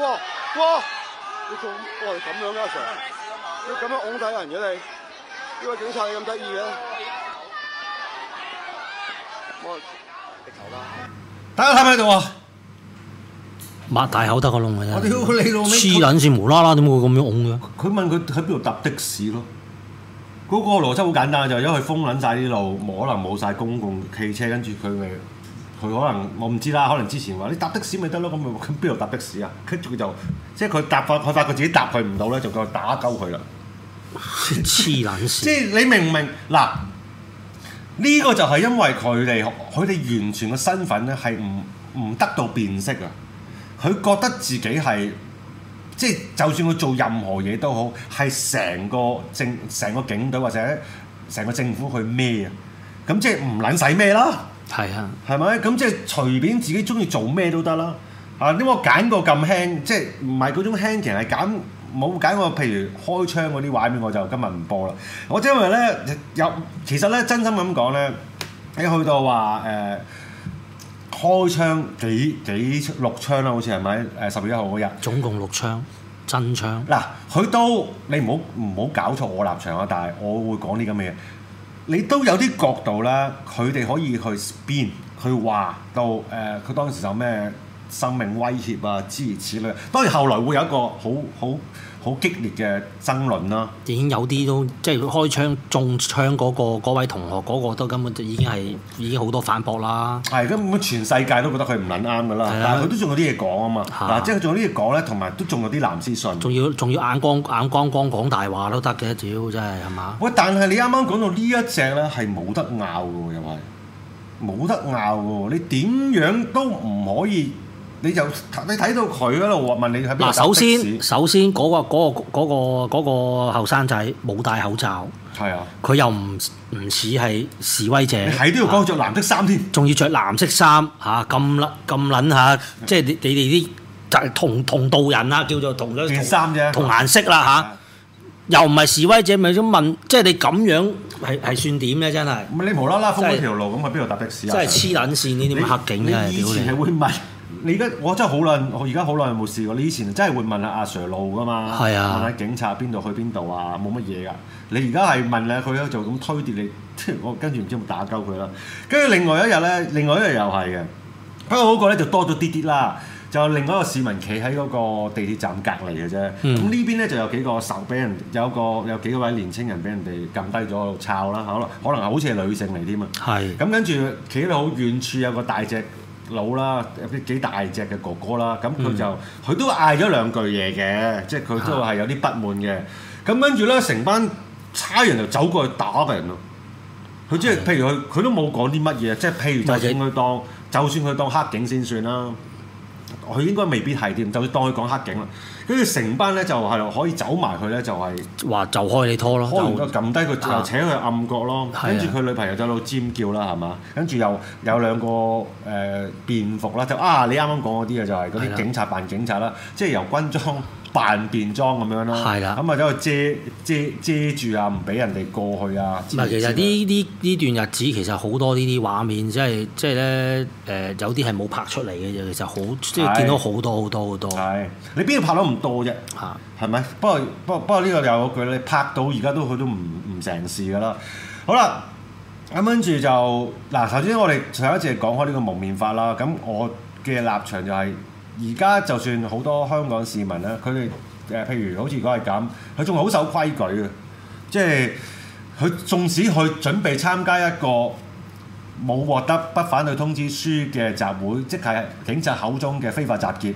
哇，哇你做咁樣噶、啊、，Sir！你咁樣㧬底人嘅你？呢位警察你咁得意嘅？大家睇唔睇到啊？擘大口得個窿啊！黐捻線，無啦啦點會咁樣㧬嘅？佢問佢喺邊度搭的士咯？嗰、那個邏輯好簡單，就是、因為封捻晒啲路，冇可能冇晒公共汽車，跟住佢咪。佢可能我唔知啦，可能之前話你搭的士咪得咯，咁咪邊度搭的士啊？跟住佢就即係佢搭發，佢發覺自己搭佢唔到咧，就夠打鳩佢啦。黐 即係你明唔明嗱？呢個就係因為佢哋佢哋完全嘅身份咧係唔唔得到辨識啊！佢覺得自己係即係，就算佢做任何嘢都好，係成個政成個警隊或者成個政府去孭啊！咁即係唔撚使孭啦～係啊，係咪咁即係隨便自己中意做咩都得啦？啊，點解我揀個咁輕，即係唔係嗰種輕？其實係揀冇揀我，譬如開槍嗰啲畫面，我就今日唔播啦。我因為咧有，其實咧真心咁講咧，你去到話誒、呃、開槍幾幾六槍啦、啊，好似係咪？誒十月一號嗰日，總共六槍，真槍嗱，佢、啊、都你唔好唔好搞錯我立場啊！但係我會講啲咁嘅嘢。你都有啲角度咧，佢哋可以去 spin，去話到誒，佢當時有咩生命威脅啊，諸如此類。當然後來會有一個好好。好激烈嘅爭論啦，已經有啲都即係開槍中槍嗰個嗰位同學嗰個都根本就已經係已經好多反駁啦。係根本全世界都覺得佢唔撚啱噶啦，的但係佢都仲有啲嘢講啊嘛。嗱，即係佢仲有啲嘢講咧，同埋都仲有啲藍絲信，仲要仲要眼光眼光光講大話都得嘅，要真係係嘛？喂，但係你啱啱講到呢一隻咧，係冇得拗嘅又係，冇得拗嘅，你點樣都唔可以。你就你睇到佢嗰度，我問你係咩？嗱，首先首先嗰個嗰個嗰個後生仔冇戴口罩，係啊，佢又唔唔似係示威者。喺呢度講著藍色衫添，仲要着藍色衫嚇咁撚咁撚嚇，即係你哋啲就係同同道人啊，叫做同咗件衫啫，同顏色啦嚇，又唔係示威者，咪想問，即係你咁樣係係算點咧？真係你無啦啦封一條路，咁去邊度搭的士啊？真係黐撚線呢啲黑警啊！以前係你而家我真係好耐，我而家好耐冇試過。你以前真係會問下阿 Sir 路噶嘛？係啊，問下警察邊度去邊度啊，冇乜嘢噶。你而家係問下佢咧，就咁推跌你， 我跟住唔知有冇打鳩佢啦。跟住另外一日咧，另外一日又係嘅，不過好過咧就多咗啲啲啦。就另外一個市民企喺嗰個地鐵站隔離嘅啫。咁、嗯、呢邊咧就有幾個手俾人，有個有幾個位年青人俾人哋撳低咗喺度摷啦嚇，可能好似係女性嚟添啊。係是。咁跟住企喺度好遠處有個大隻。老啦，有啲幾大隻嘅哥哥啦，咁佢就佢、嗯、都嗌咗兩句嘢嘅，即係佢都係有啲不滿嘅。咁跟住咧，成班差人就走過去打人咯。佢即係譬如佢，佢都冇講啲乜嘢，即係譬如就算佢當，是的 就算佢當黑警先算啦、啊。佢應該未必係添，就當佢講黑警啦，跟住成班咧就係、是、可以走埋去咧，就係、是、話就開你拖咯，拖就撳低佢就請佢暗角咯，跟住佢女朋友就喺度尖叫啦，係嘛？跟住又有兩個誒、呃、便服啦，就啊你啱啱講嗰啲嘅，就係嗰啲警察扮警察啦，是的 即係由軍裝。扮便裝咁樣咯，咁啊走去遮遮遮，遮住啊，唔俾人哋過去啊。唔係，其實呢呢呢段日子其實好多呢啲畫面，即係即係咧誒，有啲係冇拍出嚟嘅啫。其實好係，即係見到好多好多好多。係你邊度拍到唔多啫？吓係，係咪？不過不過不過呢個又有個句你拍到而家都佢都唔唔成事㗎啦。好啦，咁跟住就嗱，頭先我哋上一次講開呢個蒙面法啦。咁我嘅立場就係。而家就算好多香港市民咧，佢哋誒譬如好似如果係咁，佢仲係好守規矩嘅，即係佢縱使佢準備參加一個冇獲得不反對通知書嘅集會，即係警察口中嘅非法集結，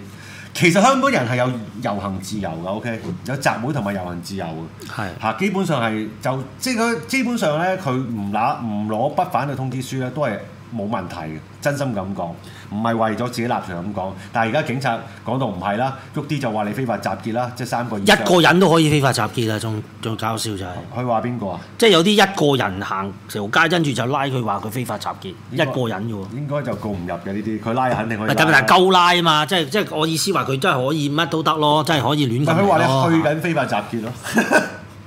其實香港人係有遊行自由嘅，OK？有集會同埋遊行自由嘅，係嚇是的，基本上係就即係佢基本上咧，佢唔拿唔攞不，不反對通知書咧，都係。冇問題嘅，真心咁講，唔係為咗自己立場咁講。但係而家警察講到唔係啦，喐啲就話你非法集結啦，即係三個。一個人都可以非法集結啦，仲仲搞笑就係、是。佢話邊個啊？即係有啲一個人行條街，跟住就拉佢話佢非法集結，該一個人嘅喎。應該就告唔入嘅呢啲，佢拉肯定可以。咁但係夠拉啊嘛，即係即係我意思話佢真係可以乜都得咯，真係可以亂。佢話你去緊非法集結咯。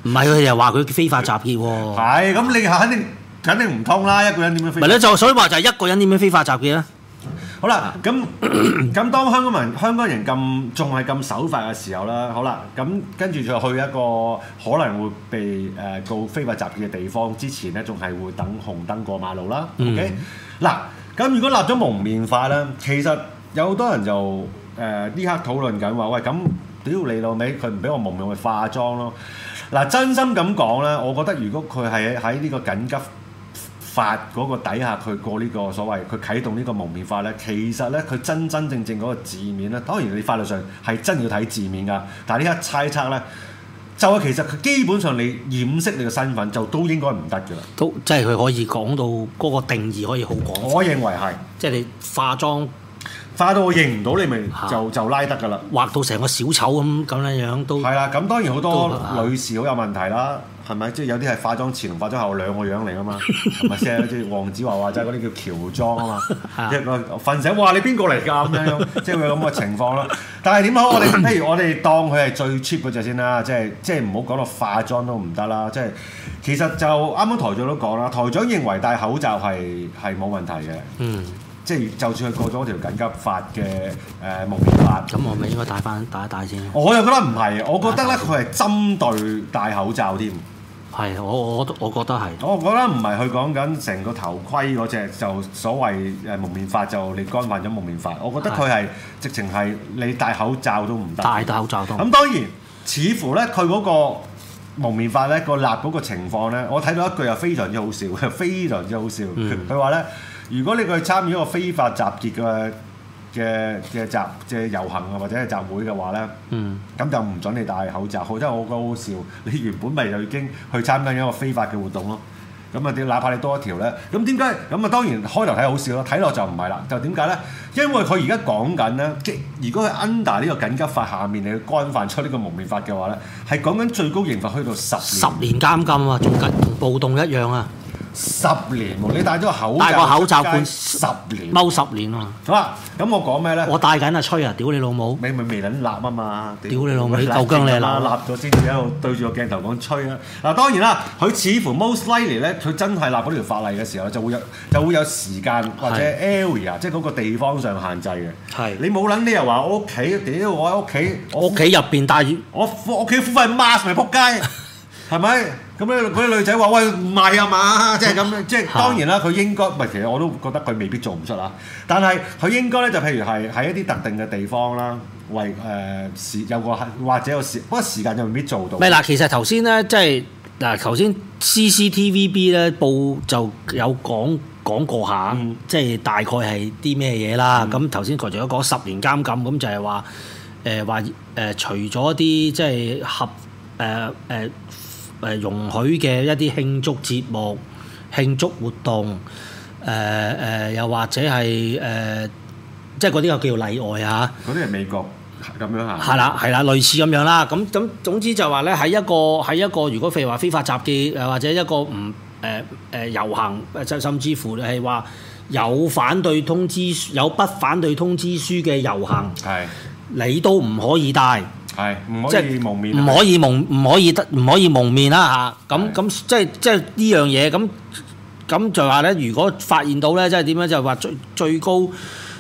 唔係、啊，佢又話佢非法集結喎。係咁、 哎，你肯定。肯定唔通啦！一個人點樣非法？咪咧就所以話就係一個人點樣非 法集結咧？好啦，咁咁當香港人香港人咁仲係咁守法嘅時候啦，好啦，咁跟住就去一個可能會被誒、呃、告非法集結嘅地方之前咧，仲係會等紅燈過馬路、嗯 okay? 啦。O K，嗱咁如果立咗蒙面法咧，其實有好多人就誒呢、呃、刻討論緊話喂咁屌你老味，佢唔俾我蒙面去化妝咯。嗱，真心咁講咧，我覺得如果佢係喺呢個緊急法嗰個底下，佢過呢個所謂佢啟動呢個蒙面法呢，其實呢，佢真真正正嗰個字面呢，當然你法律上係真要睇字面噶。但係呢一刻猜測呢，就係、是、其實佢基本上你掩飾你嘅身份就都應該唔得噶啦。都即係佢可以講到嗰個定義可以好廣。我認為係，即係你化妝。化到我認唔到你咪就就拉得噶啦！畫到成個小丑咁咁樣樣都係啦。咁、啊、當然好多女士好有問題啦，係咪？即、就、係、是、有啲係化妝前同化妝後兩個樣嚟噶嘛？係咪？即係好似黃子華話齋嗰啲叫喬裝 啊嘛，即瞓醒哇你邊個嚟㗎咁樣樣，即係會有咁嘅情況啦。但係點講？我哋譬如我哋當佢係最 cheap 嗰隻先啦，即係即係唔好講到化妝都唔得啦。即、就、係、是、其實就啱啱台長都講啦，台長認為戴口罩係係冇問題嘅。嗯。即係就算佢過咗嗰條緊急法嘅誒蒙面法，咁我咪應該戴翻戴一戴先？我又覺得唔係，我覺得咧佢係針對戴口罩添。係我我我都覺得係。我覺得唔係佢講緊成個頭盔嗰隻就所謂誒蒙面法，就你乾犯咗蒙面法。我覺得佢係的直情係你戴口罩都唔得。戴戴口罩都。咁當然，似乎咧佢嗰個蒙面法咧、嗰個立嗰個情況咧，我睇到一句又非常之好笑，非常之好笑。佢話咧。如果你去參與一個非法集結嘅嘅嘅集，即係遊行啊或者集會嘅話咧，咁、嗯、就唔准你戴口罩。好，真係我覺得好笑，你原本咪就已經去參加一個非法嘅活動咯。咁啊，點？哪怕你多一條咧，咁點解？咁啊，當然開頭睇好笑咯，睇落就唔係啦。就點解咧？因為佢而家講緊咧，即如果佢 under 呢個緊急法下面你干犯出呢個蒙面法嘅話咧，係講緊最高刑罰去到十年十年監禁啊，仲緊暴動一樣啊！十年喎，你戴咗個口罩，戴個口罩半十年，踎十年啊，好啊，咁我講咩咧？我戴緊啊，吹啊，屌你老母！你咪未撚立啊嘛，屌你老母！你鬥僵你立，立咗先喺度對住個鏡頭講吹啊！嗱，當然啦，佢似乎 most likely 咧，佢真係立嗰條法例嘅時候，就會有就會有時間或者 area，即係嗰個地方上限制嘅。係是你冇撚，你又話我屋企屌我喺屋企，我屋企入邊戴住，我屋企敷塊 mask 咪仆街。係咪？咁咧，嗰啲女仔話：喂，唔係啊嘛，即係咁，即係當然啦。佢應該，咪其實我都覺得佢未必做唔出啦。但係佢應該咧，就譬如係喺一啲特定嘅地方啦，為誒、呃、時有個或者有時，不過時間就未必做到。咪嗱，其實頭先咧，即係嗱，頭先 CCTVB 咧報就有講講過下，即係、嗯、大概係啲咩嘢啦。咁頭先佢仲有講十年監禁，咁就係話誒話誒，除咗啲即係合誒誒。呃呃呃誒容許嘅一啲慶祝節目、慶祝活動，誒、呃、誒、呃，又或者係誒、呃，即係嗰啲又叫例外嚇。嗰啲係美國咁樣嚇。係啦，係啦，類似咁樣啦。咁咁總之就話咧，喺一個喺一個，如果譬如話非法集結，又或者一個唔誒誒遊行，甚至乎係話有反對通知書有不反對通知書嘅遊行，的你都唔可以帶。.係，唔可以蒙面。唔可以蒙，唔是可以得，唔可以蒙面啦嚇。咁、啊、咁是的 即係即係呢樣嘢。咁咁就話咧，如果發現到咧，即係點樣就話、是、最最高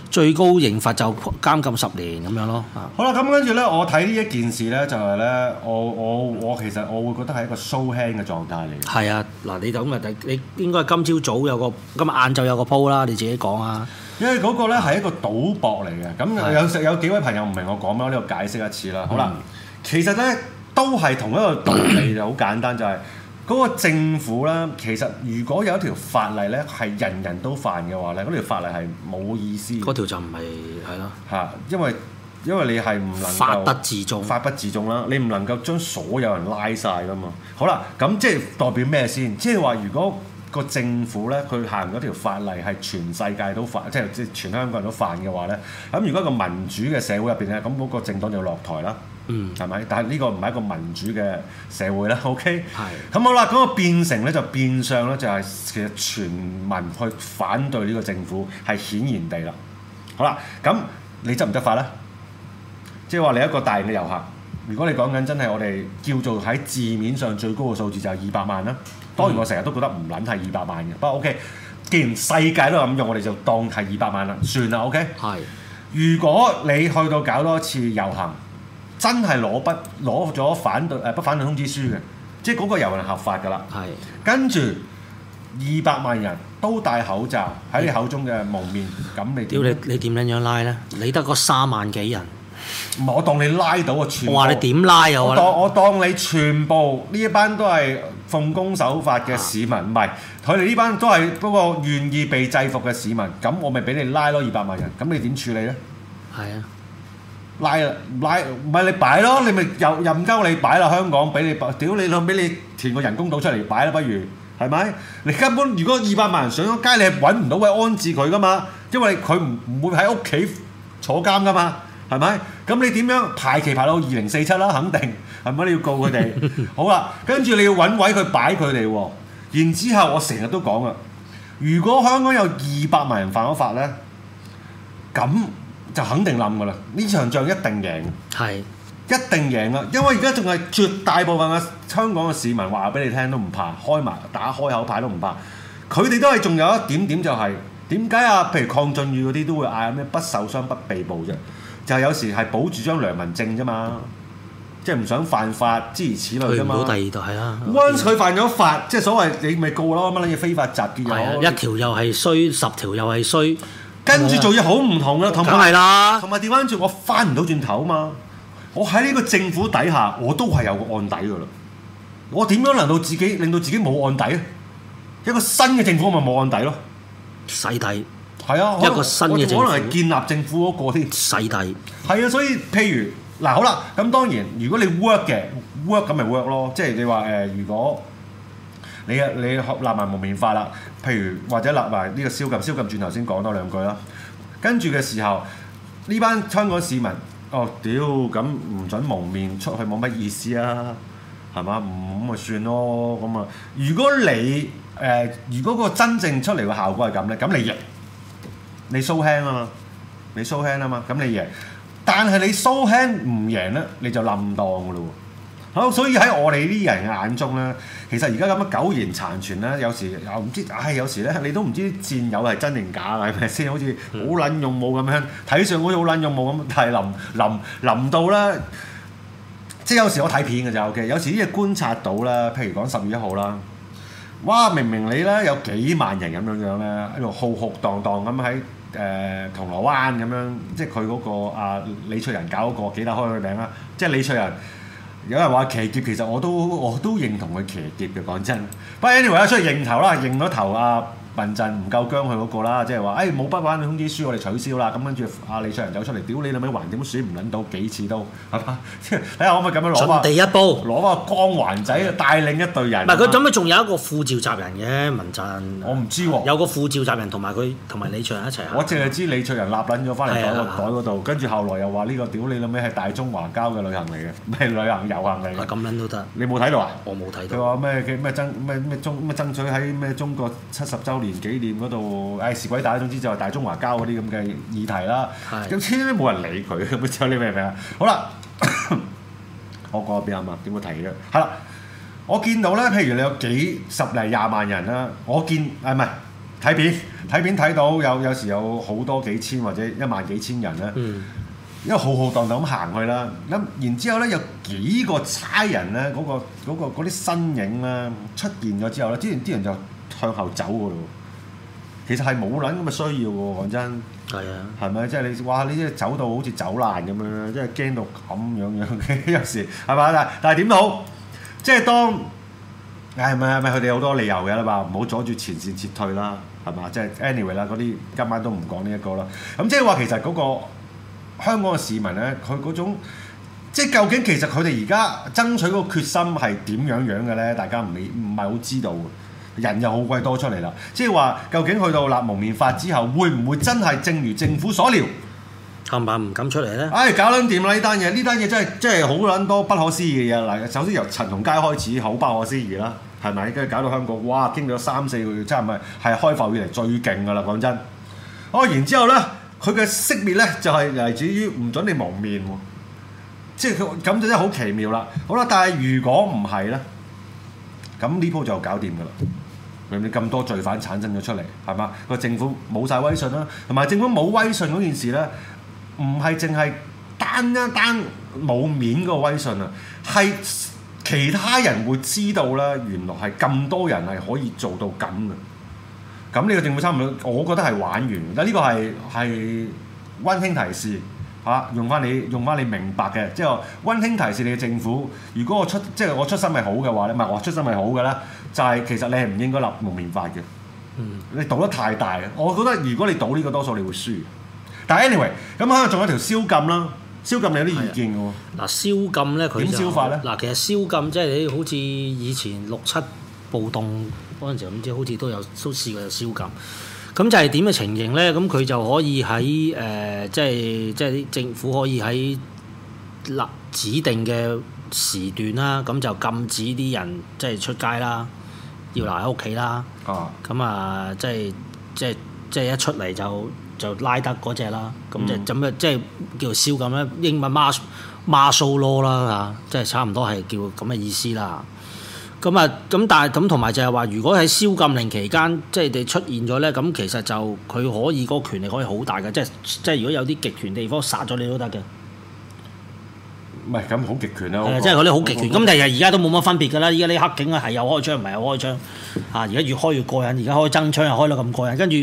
最高刑罰就監禁十年咁樣咯。嚇！好啦，咁跟住咧，我睇呢一件事咧，就係、是、咧，我我我其實我會覺得係一個 show hand 嘅狀態嚟。嘅。係啊，嗱，你就咁啊，你應該係今朝早，早有個，今日晏晝有個鋪啦，你自己講啊。因為嗰個咧係一個賭博嚟嘅，咁有有幾位朋友唔明我講咩，呢個解釋一次啦。好啦，其實咧都係同一個道理，就好簡單，就係，就係嗰個政府咧，其實如果有一條法例咧係人人都犯嘅話咧，嗰條法例係冇意思。嗰條就唔係係咯。嚇，因為因為你係唔能夠法，法不自重，法不自重啦，你唔能夠將所有人拉晒噶嘛。好啦，咁即係代表咩先？即係話如果。個政府咧，佢行嗰條法例係全世界都犯，即係即係全香港人都犯嘅話咧，咁如果個民主嘅社會入邊咧，咁嗰個政黨就落台啦，嗯，係咪？但係呢個唔係一個民主嘅社會啦，嗯，OK，咁係，嗯，好啦，咁，個變成咧就變相咧就係，係，其實全民去反對呢個政府係顯然地啦，好啦，咁你執唔執法咧？即係話你一個大型嘅遊客，如果你講緊真係我哋叫做喺字面上最高嘅數字就係二百萬啦。當然我成日都覺得唔撚係二百萬嘅，不過 OK，既然世界都咁用，我哋就當係二百萬啦，算啦 OK。係，如果你去到搞多一次遊行，真係攞不攞咗反對誒不反對通知書嘅，即係嗰個遊行合法㗎啦。係是的，跟住二百萬人都戴口罩喺你口中嘅蒙面，咁的你屌你你點樣樣拉咧？你得個三萬幾人。唔係，我當你拉到個全部，我話你點拉啊？我當，我當你全部呢一班都係奉公守法嘅市民，唔係佢哋呢班都係不過願意被制服嘅市民。咁我咪俾你拉咯，二百萬人。咁你點處理咧？係啊，拉啊，拉唔係你擺咯，你咪又任鳩你擺咯？香港俾你擺，屌你老，俾你填個人工島出嚟擺啦，不如係咪？你根本如果二百萬人上咗街，你係揾唔到位安置佢噶嘛？因為佢唔唔會喺屋企坐監噶嘛。係咪？咁你點樣排期排到二零四七啦？肯定係咪？你要告佢哋 好啦。跟住你要揾位去擺佢哋喎。然之後我成日都講啊，如果香港有二百萬人犯咗法呢，咁就肯定冧㗎啦。呢場仗一定贏，係是一定贏啊！因為而家仲係絕大部分嘅香港嘅市民話俾你聽都唔怕，開埋打開口牌都唔怕。佢哋都係仲有一點點，就係點解啊？譬如抗爭雨鄺俊宇嗰啲都會嗌咩不受傷不被捕啫。就有時係保住張良民證啫嘛，即係唔想犯法之如此類啫嘛。去唔到第二度係啦。啊、Once 佢、啊、犯咗法，即、就、係、是、所謂你咪告咯乜撚嘢非法集結又係、啊、你一條又係衰，十條又係衰，跟住做嘢好唔同噶啦。咁係啦，同埋調翻轉我翻唔到轉頭啊嘛。我喺呢個政府底下，我都係有個案底噶啦。我點樣令到自己令到自己冇案底啊？一個新嘅政府咪冇案底咯，洗底。 係啊，一個新嘅政府，可能係建立政府嗰、那個啲勢底。係啊體，所以譬如嗱，好啦，咁當然，如果你 work 嘅 work 咁咪 work 咯，即係你話誒、呃，如果你啊你立埋蒙面法啦，譬如或者立埋呢個宵禁，宵禁轉頭先講多兩句啦。跟住嘅時候，呢班香港市民，哦屌，咁唔准蒙面出去冇乜意思啊，係嘛？唔咁咪算咯，咁啊，如果你誒、呃，如果個真正出嚟嘅效果係咁咧，咁你亦～你蘇輕啊嘛，你蘇輕啊嘛，咁你贏。但係你蘇輕唔贏咧，你就冧檔噶咯喎。好，所以喺我哋呢啲人眼中咧，其實而家咁樣苟延殘喘咧，有時又唔知，唉、哎，有時咧你都唔知戰友係真定假，係咪先？好似好撚勇武咁樣，睇上好似好撚勇武咁，但係冧冧冧到咧，即係有時我睇片嘅就 OK，有時啲嘢觀察到啦。譬如講十月一號啦，哇，明明你咧有幾萬人咁樣樣咧，喺度浩浩蕩蕩咁喺。誒、呃、銅鑼灣咁樣，即係佢嗰個、啊、李卓人搞嗰、嗰個幾大開嘅名啦，即係李卓人，有人話騎劫，其實我都我都認同佢騎劫嘅，講真。不過 anyway 出嚟認頭啦，認咗頭啊！民陣唔夠薑，佢嗰個啦，即係話，誒冇筆玩通知書，我哋取消啦。咁跟住，阿李卓人走出嚟，屌你老味橫掂選唔撚到幾次都係嘛？睇下可唔可以咁樣攞第一步，攞翻個光環仔的帶領一隊人。唔係佢咁樣，仲有一個副召集人嘅民陣。我唔知喎，有個副召集人同埋佢同埋李卓人一齊。我淨係知李卓人立撚咗翻嚟袋嗰度，跟住、啊、後來又話呢、呢個屌你老味係大中華交嘅旅行嚟嘅，咩？旅行，旅行遊行嚟嘅。咁撚都得，你冇睇到啊？我冇睇到。佢話咩嘅咩爭咩咩爭取喺咩中國七十周年。年紀念嗰度，誒、哎、是鬼打，總之就係大中華膠嗰啲咁嘅議題啦。有是的 千萬冇人理佢，咁之後你明唔明啊？ 好啦， 我過一邊吖嘛，點會睇嘅。係啦， 我見到咧，譬如你有幾十零、廿萬人啦。我見誒唔係睇片，睇片睇到有有時有好多幾千或者一萬幾千人啦。嗯、因為浩浩蕩蕩咁行去啦，咁然之後咧有幾個差人咧，嗰、嗰個嗰啲、嗰個嗰個嗰個嗰個、身影咧出現咗之後咧，之前啲人就向後走嘅咯，其實係冇撚咁嘅需要嘅喎。講真，係啊的，係咪即係你哇？你即係走到好似走爛咁樣，即係驚到咁樣樣嘅 有時，係嘛？但係但係點都好，即係當係咪？係咪？佢哋好多理由嘅啦嘛，唔好阻住前線撤退啦，係嘛？即係 Anyway 啦，嗰啲今晚都唔講呢一個啦。咁即係話其實嗰個香港嘅市民咧，佢嗰種即係究竟其實佢哋而家爭取嗰個決心係點樣樣嘅咧？大家唔未唔係好知道人又好鬼多出嚟啦，即係話究竟去到立蒙面法之後，會唔會真係正如政府所料？冚唪唥唔敢出嚟咧！唉、哎，搞撚掂啦呢單嘢，呢單嘢真係真係好撚多不可思議嘅嘢。嗱，首先由陳同佳開始好不可思議啦，係咪？跟住搞到香港，哇！經咗三四個月，真係唔係係開埠以來最勁噶啦，講真。哦，然之後咧，佢嘅熄滅咧就係嚟自於唔准你蒙面喎，即係佢咁就真係好奇妙啦。好啦，但係如果唔係咧，咁呢鋪就搞掂噶啦。咁多罪犯產生咗出嚟，係嘛？個政府冇晒威信啦，同埋政府冇威信嗰件事咧，唔係淨係單一單冇面個威信啊，係、啊、其他人會知道啦。原來係咁多人係可以做到咁嘅。咁你個政府差唔多，我覺得係玩完。但、這、呢個係係溫馨提示吓、啊，用翻你用翻你明白嘅，即係溫馨提示你嘅政府。如果我出即係、就是、我出身係好嘅話咧，唔係我出身係好嘅啦。就係其實你係唔應該立蒙面法嘅，嗯、你賭得太大嘅。我覺得如果你賭呢、呢個多數你會輸。但係 anyway，咁可能仲有條宵禁啦，宵禁你有啲意見喎。嗱，宵禁咧佢點宵法咧？嗱，其實宵禁即係你好似以前六七暴動嗰陣時咁，好似都有都試過有宵禁。咁就係點嘅情形咧？咁佢就可以喺誒、呃、即係即係政府可以喺立指定嘅時段啦，咁就禁止啲人即係出街啦。要留喺屋企啦，咁啊，即係即係即係一出嚟就就拉得嗰隻啦。咁就咁啊，即係叫做燒咁樣英文 Martial Martial Law 啦嚇，即係差唔多係叫咁嘅意思啦。咁啊，咁但係咁同埋就係話，如果喺燒禁令期間，即係你出現咗咧，咁其實就佢可以嗰個權力可以好大嘅，即係即係如果有啲極權地方殺咗你都得嘅。唔係咁好極權啦，即係嗰啲好極權。咁但係而家都冇乜分別㗎啦。而家啲黑警啊，係又開槍，唔係又開槍。嚇！而家越開越過癮，而家開真槍又開得咁過癮。跟住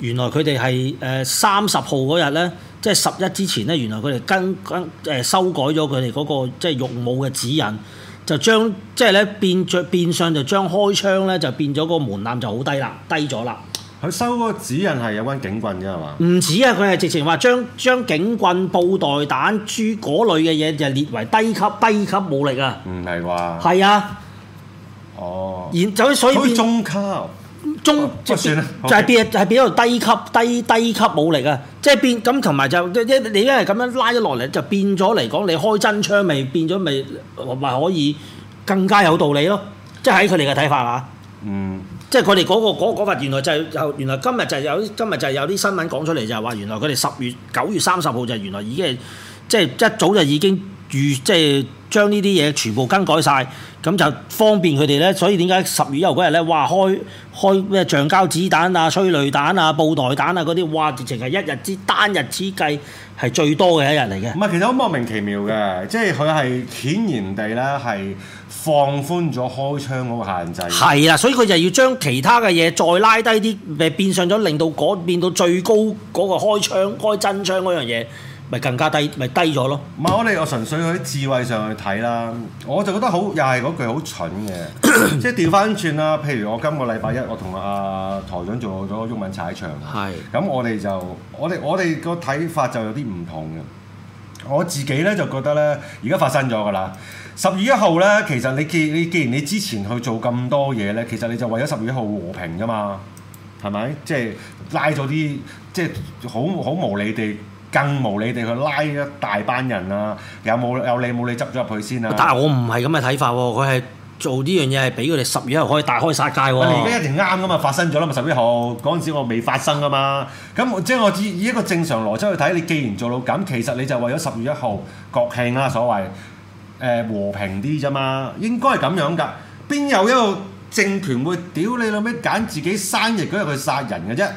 原來佢哋係誒三十號嗰日咧，即係十一之前咧，原來佢哋跟跟修改咗佢哋嗰個即係用武嘅指引，就將即係咧變著變相就將開槍咧就變咗個門檻就好低啦，低咗啦。佢收嗰個指引係有關警棍嘅係嘛？唔止啊！佢係直情話將將警棍、布袋彈、珠嗰類嘅嘢就列為低級低級武力啊！唔係啩？係啊！哦，然就所以，所以中級，中就算！變就係變係變到低級低低級武力啊！即係變咁同埋就即即你因為咁樣拉咗落嚟，就變咗嚟講，你開真槍咪變咗咪咪可以更加有道理咯！即係喺佢哋嘅睇法啊！嗯。即係佢哋嗰個嗰、嗰個講法、嗰個，原來就係原來今日就係有啲今日就係有啲新聞講出嚟，就係話原來佢哋十月九月三十號，就係原來已經，係即係一早就已經預，即係。將呢啲嘢全部更改晒，咁就方便佢哋呢。所以點解十月一日嗰日呢？哇開開咩橡膠子彈啊、催淚彈啊、布袋彈啊嗰啲，哇直情係一日之單日之計係最多嘅一日嚟嘅。唔係，其實好莫名其妙嘅，即係佢係顯然地呢，係放寬咗開槍嗰個限制。係啦，所以佢就要將其他嘅嘢再拉低啲，咪變相咗令到嗰變到最高嗰個開槍、開真槍嗰樣嘢。咪更加低，咪低咗咯。唔係我哋，我純粹喺智慧上去睇啦。我就覺得好，又係嗰句好蠢嘅， 即係調翻轉啦。譬如我今個禮拜一，我同阿、啊、台長做咗個中文踩場。係是。咁我哋就，我哋我哋個睇法就有啲唔同嘅。我自己咧就覺得咧，而家發生咗噶啦。十月一號咧，其實你既你既然你之前去做咁多嘢咧，其實你就為咗十月一號和平噶嘛，係咪吧？即係拉咗啲，即係好好無理地。更無理地去拉一大班人啊！有冇有理冇理執咗入去先啊！但係我唔係咁嘅睇法喎、啊，佢係做呢樣嘢係俾佢哋十月一號可以大開殺戒喎、啊。你而家一定啱噶嘛？發生咗啦，嘛，十一號嗰陣時我未發生啊嘛。咁即係我以一個正常邏輯去睇，你既然做到咁，其實你就為咗十月一號國慶啦、啊，所謂誒、呃、和平啲啫嘛。應該係咁樣噶，邊有一個政權會屌你老味揀自己生日嗰日去殺人嘅啫？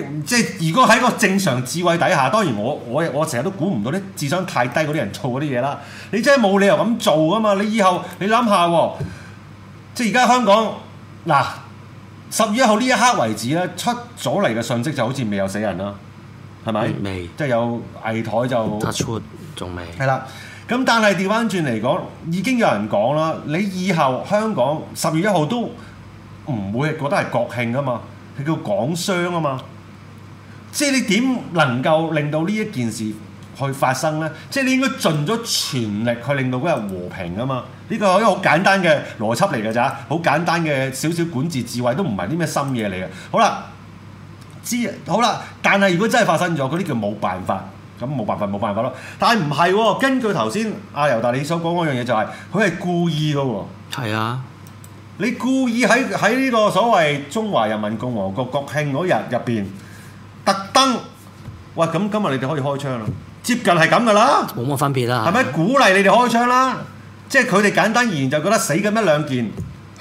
即係如果喺個正常智慧底下，當然我我我成日都估唔到啲智商太低嗰啲人做嗰啲嘢啦。你真係冇理由咁做啊嘛？你以後你諗下、啊，即係而家香港嗱，十月一號呢一刻為止咧，出咗嚟嘅訊息就好似未有死人啦，係咪？未沒，即係有偽台就出，仲未係啦。咁但係調翻轉嚟講，已經有人講啦。你以後香港十月一號都唔會覺得係國慶啊嘛，係叫港商啊嘛。即係你點能夠令到呢一件事去發生呢？即係你應該盡咗全力去令到嗰日和平啊嘛！呢個係一個好簡單嘅邏輯嚟㗎，咋好簡單嘅少少管治智慧都唔係啲咩深嘢嚟嘅。好啦，之好啦，但係如果真係發生咗，嗰啲叫冇辦法，咁冇辦法冇辦法咯。但係唔係，根據頭先阿尤達你所講嗰樣嘢就係、是，佢係故意㗎喎、哦。係啊，你故意喺喺呢個所謂中華人民共和國國,國慶嗰日入邊。特登，喂，咁今日你哋可以開槍啦，接近係咁噶啦，冇乜分別啦，係咪鼓勵你哋開槍啦？即係佢哋簡單而言就覺得死緊咩兩件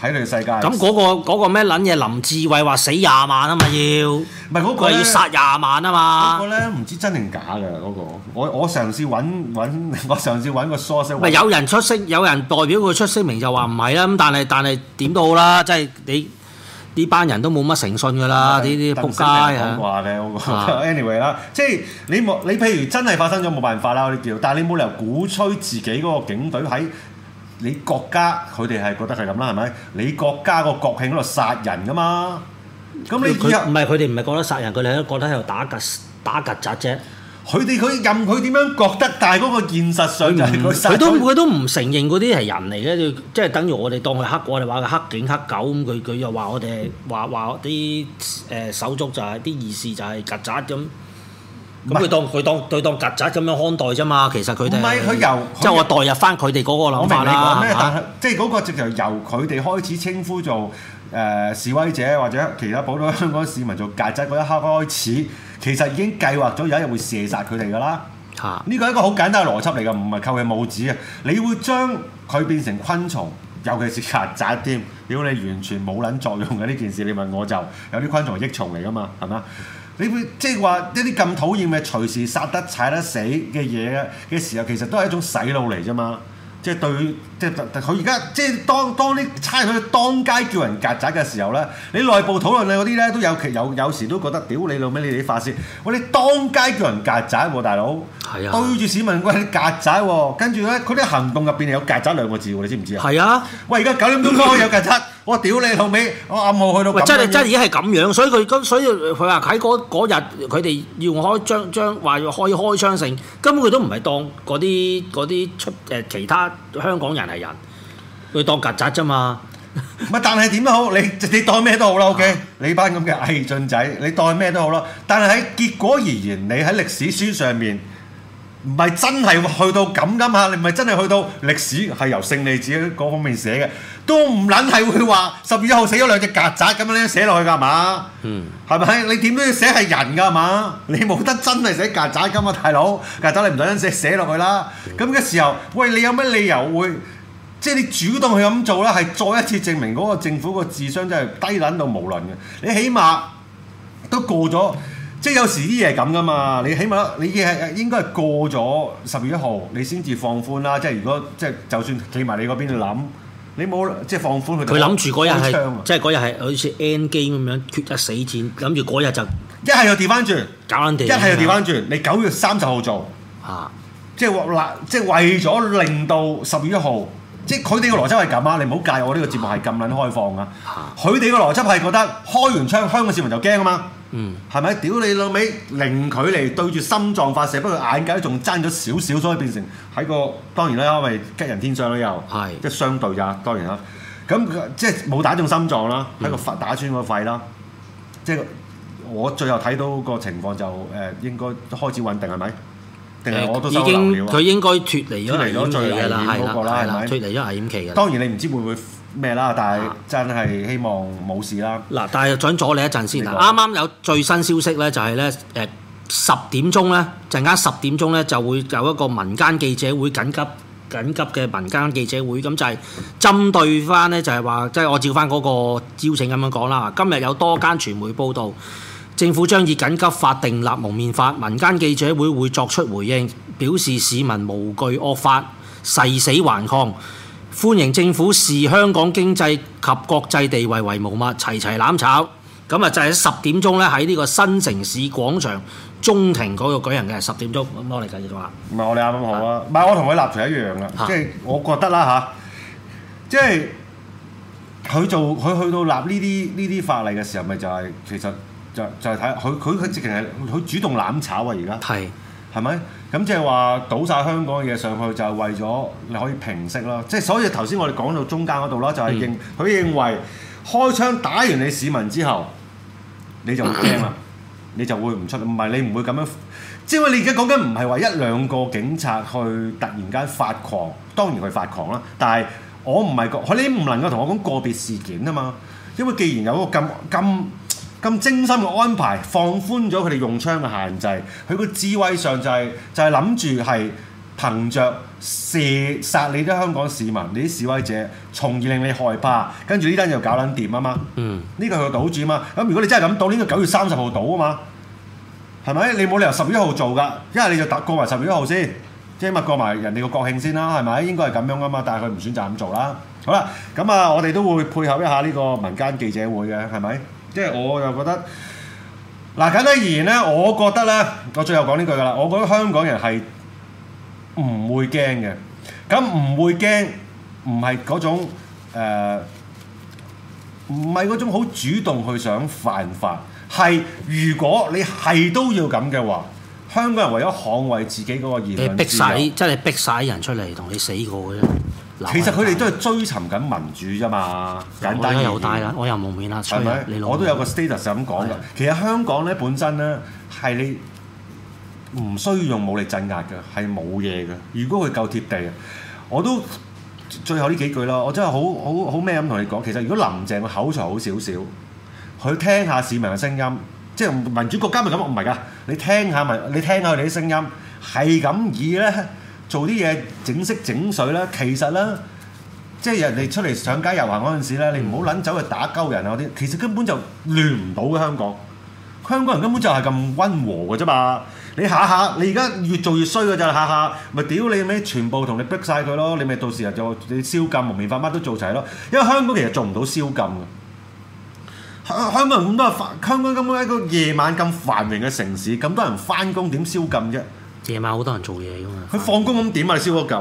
喺你哋世界。咁嗰個嗰個咩撚嘢？林志偉話死廿萬啊嘛要，唔係嗰個要殺廿萬啊嘛。嗰個咧唔知真定假㗎嗰個，我我上次揾揾我上次揾個 source，唔係有人出聲，有人代表佢出聲明就話唔係啦，咁但係但係點都好啦，即係你。呢班人都冇乜誠信噶啦，呢啲仆街啊，我啊！Anyway 啦，即係你冇你譬如真係發生咗冇辦法啦，我哋叫，但係你冇理由鼓吹自己嗰個警隊喺你國家，佢哋係覺得係咁啦，係咪？你國家個國慶嗰度殺人噶嘛？咁你以後唔係佢哋唔係覺得殺人，佢哋都覺得喺度打曱打曱甴啫。佢哋佢任佢點樣覺得，但係嗰個現實上，佢、嗯、都佢都唔承認嗰啲係人嚟嘅，即係等於我哋當佢黑，我哋話佢黑警黑狗，咁佢佢又話我哋話話啲誒手足就係、是、啲意思就係曱甴咁，咁佢當佢是當佢當曱甴咁樣看待啫嘛。其實佢哋唔係佢由即係我代入翻佢哋嗰個諗法啦。你話咩？即係嗰個直頭由佢哋開始稱呼做。誒、呃、示威者或者其他普通香港市民做曱甴嗰一刻開始，其實已經計劃咗有一日會射殺佢哋㗎啦。嚇、啊！呢個係一個好簡單嘅邏輯嚟㗎，唔係扣佢帽子啊！你會將佢變成昆蟲，尤其是曱甴添，屌你完全冇撚作用嘅呢件事。你問我就有啲昆蟲益蟲嚟㗎嘛，係嘛？你會即係話呢啲咁討厭嘅隨時殺得踩得，得死嘅嘢嘅時候，其實都係一種洗腦嚟啫嘛，即、就、係、是、對。即係佢而家，即係當當啲差佬當街叫人曱甴嘅時候咧，你內部討論你嗰啲咧都有其有有時都覺得屌你老味，你哋啲法師，我哋當街叫人曱甴喎，大佬，係啊，對住市民講啲曱甴喎，跟住咧佢啲行動入邊有曱甴兩個字喎，你知唔知啊？係啊，喂，而家九點鐘都可以有曱甴，我屌你老尾，我暗母去到，真係真係已經係咁樣，所以佢咁所以佢話喺嗰日佢哋要用開槍，將話要開開槍性，根本佢都唔係當嗰啲嗰啲出誒其他香港人。係人，佢當曱甴啫嘛，唔係但係點都好，你你當咩都好啦，OK，你班咁嘅毅進仔，你當咩都好啦。但係喺結果而言，你喺歷史書上面唔係真係去到咁噶嘛？你唔係真係去到歷史係由勝利者嗰方面寫嘅，都唔撚係會話十月一號死咗兩隻曱甴咁樣寫落去噶嘛？嗯，係咪？你點都要寫係人噶嘛？你冇得真係寫曱甴噶嘛，大佬，曱甴你唔撚寫寫落去啦。咁嘅時候，喂，你有咩理由會？即係你主動去咁做啦，係再一次證明嗰個政府個智商真係低撚到無倫嘅。你起碼都過咗，即係有時啲嘢咁㗎嘛。你起碼你嘢係應該係過咗十月一號，你先至放寬啦。即係如果即係就算企埋你嗰邊諗，你冇即係放寬去。佢諗住嗰日係即係嗰日係好似 N 機咁樣決一死戰，諗住嗰日就一係又調翻轉搞一係又調翻轉你九月三十號做啊，即係話即係為咗令到十月一號。即係佢哋嘅邏輯係咁啊！你唔好介我呢個節目係咁撚開放啊！佢哋嘅邏輯係覺得開完槍，香港市民就驚啊嘛！係咪、嗯？屌你老味，零距離對住心臟發射，不過眼界都仲爭咗少少，所以變成喺個當然啦，因為吉人天相都有，係即係相對咋，當然啦。咁即係冇打中心臟啦，喺個,個肺打穿個肺啦，嗯、即係我最後睇到個情況就誒、呃，應該開始穩定係咪？係已經佢應該脱離咗最危險嗰個啦，脱離咗危險期嘅。當然你唔知會唔會咩啦，但係真係希望冇事啦。嗱，但係想阻你一陣先。嗱，啱啱有最新消息咧，就係咧，誒，十點鐘咧，陣間十點鐘咧就會有一個民間記者會，緊急緊急嘅民間記者會，咁就係針對翻咧，就係話即係我照翻嗰個邀請咁樣講啦。今日有多間傳媒報道。政府將以緊急法定立蒙面法，民間記者會會作出回應，表示市民無懼惡，惡法，誓死頑抗，歡迎政府視香港經濟及國際地位為無物，齊齊攬炒。咁啊，就喺十點鐘咧，喺呢個新城市廣場中庭嗰度舉行嘅，十點鐘。咁我哋繼續啊。唔係我哋啱啱好啊，唔係我同佢立場一樣啊，即係我覺得啦吓，即係佢做佢去到立呢啲呢啲法例嘅時候，咪就係其實。就、就係睇佢佢佢直情係佢主動攬炒啊！而家係係咪咁，即係話倒晒香港嘅嘢上去就係為咗你可以平息咯。即係所以頭先我哋講到中間嗰度啦，就係、是、認佢、嗯、認為開槍打完你市民之後，你就會驚啦， 你就會唔出。唔係你唔會咁樣，因為你而家講緊唔係話一兩個警察去突然間發狂，當然佢發狂啦。但係我唔係個，你唔能夠同我講個別事件啊嘛。因為既然有個咁咁，咁精心嘅安排，放寬咗佢哋用槍嘅限制。佢個智慧上就係、是、就係諗住係憑着射殺你啲香港市民、你啲示威者，從而令你害怕。跟住呢單嘢又搞撚掂啊嘛！嗯，呢個係佢嘅賭注啊嘛。咁如果你真係諗到呢個九月三十號到啊嘛，係咪？你冇理由十月一號做㗎，因為你就搭過埋十月一號先，即係咪過埋人哋個國慶先啦？係咪？應該係咁樣啊嘛。但係佢唔選擇咁做啦。好啦，咁啊，我哋都會配合一下呢個民間記者會嘅，係咪？即係我又覺得嗱，簡單而言咧，我覺得咧，我最後講呢句噶啦，我覺得香港人係唔會驚嘅。咁唔會驚，唔係嗰種誒，唔係嗰種好主動去想犯法。係如果你係都要咁嘅話，香港人為咗捍衞自己嗰個言論自由，逼真係逼曬人出嚟同你死過嘅。其實佢哋都係追尋緊民主啫嘛，簡單易懂。我又戴啦，我又蒙面啦，係咪？我都有個 status 咁講嘅。是的 其實香港咧本身咧係你唔需要用武力鎮壓嘅，係冇嘢嘅。如果佢夠貼地，我都最後呢幾句咯，我真係好好好咩咁同你講。其實如果林鄭嘅口才好少少，佢聽下市民嘅聲音，即係民主國家咪咁？唔係㗎，你聽下民，你聽下佢哋啲聲音，係咁而咧。做啲嘢整色整水啦，其實啦，即係人哋出嚟上街遊行嗰陣時咧，你唔好撚走去打鳩人啊！嗰啲其實根本就亂唔到嘅香港，香港人根本就係咁溫和嘅啫嘛！你下下你而家越做越衰嘅咋下下，咪屌你咩全部同你逼曬佢咯！你咪到時就你宵禁、蒙面法乜都做齊咯！因為香港其實做唔到宵禁嘅，香香港人咁多，香港根本係一個夜晚咁繁榮嘅城市，咁多人翻工點宵禁啫？夜晚好多人做嘢噶嘛，佢放工咁點啊？你燒左撳，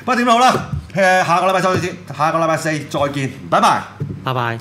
不過點都好啦。下個禮拜收線先，下個禮拜四再見，拜拜，拜拜。